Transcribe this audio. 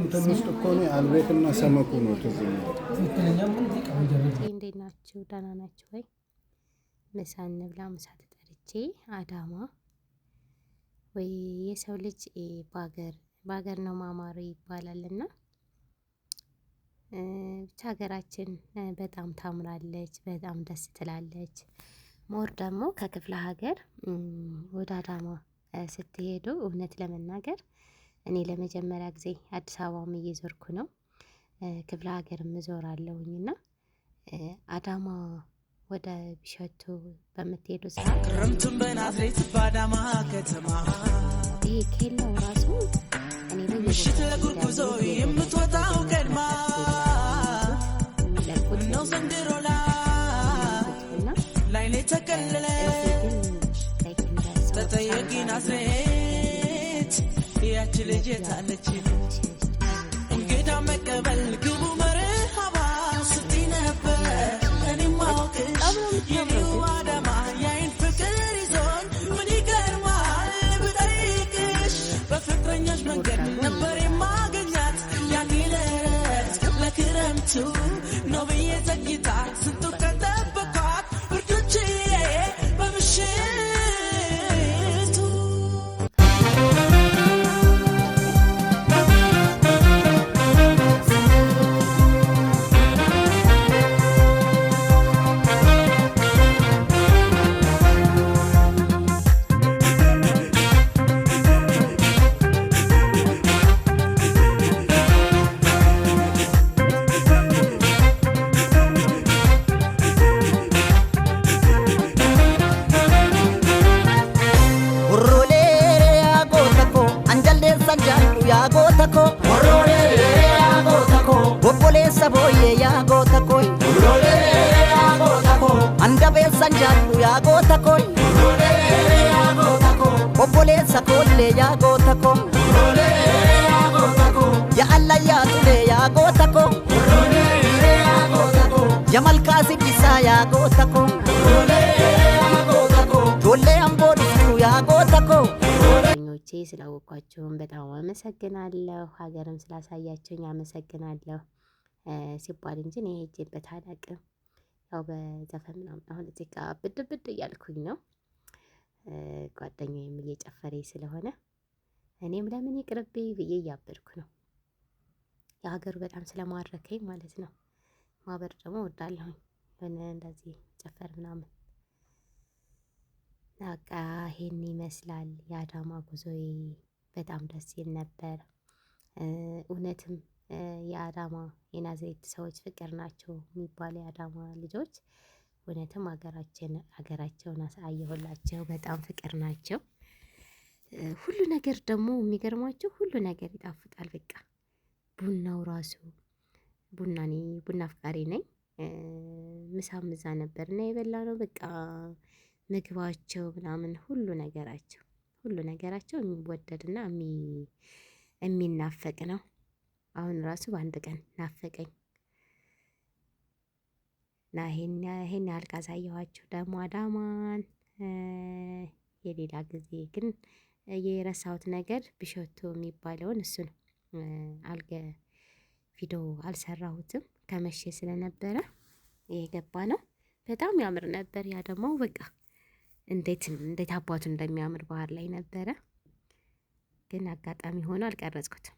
እንትን ውስጥ እኮ ነው አልቤክና ሰመኩ ነው ትዝ እንዴት ናችሁ? ደህና ናችሁ ወይ? ምሳ እንብላ። ምሳ ተጠርቼ አዳማ ወይ የሰው ልጅ በሀገር በሀገር ነው ማማሩ ይባላልና ብቻ ሀገራችን በጣም ታምራለች፣ በጣም ደስ ትላለች። ሞር ደግሞ ከክፍለ ሀገር ወደ አዳማ ስትሄዱ እውነት ለመናገር እኔ ለመጀመሪያ ጊዜ አዲስ አበባም እየዞርኩ ነው። ክፍለ ሀገርም እዞራለሁኝ እና አዳማ ወደ ቢሸቱ በምትሄዱ ሰዓት ክረምቱን በናዝሬት በአዳማ ከተማ ይሄ ኬላው ራሱ እኔ ምሽት ለጉርጉዞ የምትወጣው ቀድማ ነው ዘንድሮ ላይ ላይ ተቀለለ ተጠየቂ ናዝሬት ያች ልጅ የታለች እንግዳ መቀበል ግቡ መርሃባ ስቲ ነበር እኔ ማወቅሽ የኔው አዳማ የአይን ፍቅር ይዞን ምን ይገርማል ብጠይቅሽ በፍቅረኛሽ መንገድ ነበር የማገኛት ያኔ ለረት ለክረምቱ ነው ብዬ ዘግይታት Saboye yaa goota koy. Fuulolee yaa goota koo. Angabeessa njaannu yaa goota koy. Fuulolee yaa goota koo. Obboleessa koollee yaa goota koo. Fuulolee yaa goota koo. Ya alla yaa tulee yaa goota koo. Fuulolee yaa goota koo. Ya malkaasi kisaa yaa goota koo. Fuulolee yaa goota koo. Tollee amboo dhuftuu yaa goota koo. ጓደኞቼ ስላወቋችሁም በጣም አመሰግናለሁ። ሀገርም ስላሳያችሁኝ አመሰግናለሁ። ሲባል እንጂ እኔ ሄጄበት አላውቅም። ያው በዘፈን ምናምን አሁን እዚህ ጋ ብድ ብድ እያልኩኝ ነው። ጓደኛዬም እየጨፈረኝ ስለሆነ እኔም ለምን ይቅርብኝ ብዬ እያበድኩ ነው። የሀገሩ በጣም ስለማረከኝ ማለት ነው። ማበር ደግሞ ወዳለሁኝ የሆነ እንደዚህ ጨፈር ምናምን በቃ ይሄን ይመስላል የአዳማ ጉዞዬ። በጣም ደስ ይል ነበር። እውነትም የአዳማ የናዝሬት ሰዎች ፍቅር ናቸው የሚባሉ የአዳማ ልጆች እውነትም ሀገራችን ሀገራቸውን አሳየሁላቸው በጣም ፍቅር ናቸው። ሁሉ ነገር ደግሞ የሚገርማቸው ሁሉ ነገር ይጣፍጣል። በቃ ቡናው ራሱ ቡና እኔ ቡና አፍቃሪ ነኝ። ምሳም እዛ ነበር እና ነው በቃ ምግባቸው ምናምን ሁሉ ነገራቸው ሁሉ ነገራቸው የሚወደድና የሚናፈቅ ነው። አሁን ራሱ በአንድ ቀን ናፈቀኝ እና ይሄን ያህል ካሳየኋችሁ ደግሞ አዳማን የሌላ ጊዜ ግን የረሳሁት ነገር ቢሾፍቱ የሚባለውን እሱን አልገ ቪዲዮ አልሰራሁትም ከመቼ ስለነበረ የገባ ነው። በጣም ያምር ነበር። ያ ደግሞ በቃ እንዴት እንዴት አባቱ እንደሚያምር ባህር ላይ ነበረ፣ ግን አጋጣሚ ሆኖ አልቀረጽኩትም።